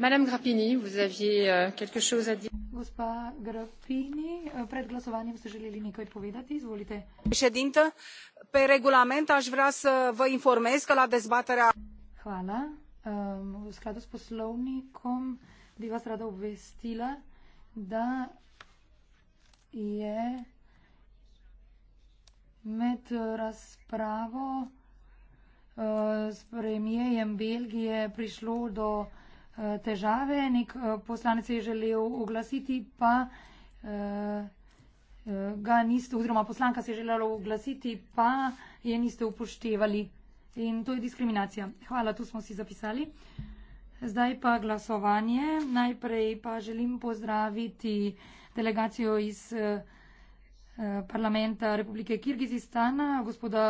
Madame Grappini, vous aviez euh, quelque chose à dire. Gospa Grappini, eh, pred glasovanjem ste želeli nekaj povedati, izvolite. Președintă, pe regulament aș vrea să vă informez că la dezbaterea... Hvala. V skladu s poslovnikom bi vas rada obvestila, da je med razpravo eh, s premijejem Belgije prišlo do težave. Nek eh, poslanec je želel oglasiti, pa eh, eh, ga niste, oziroma poslanka se je želela oglasiti, pa je niste upoštevali. In to je diskriminacija. Hvala, tu smo si zapisali. Zdaj pa glasovanje. Najprej pa želim pozdraviti delegacijo iz parlamenta Republike Kirgizistana, gospoda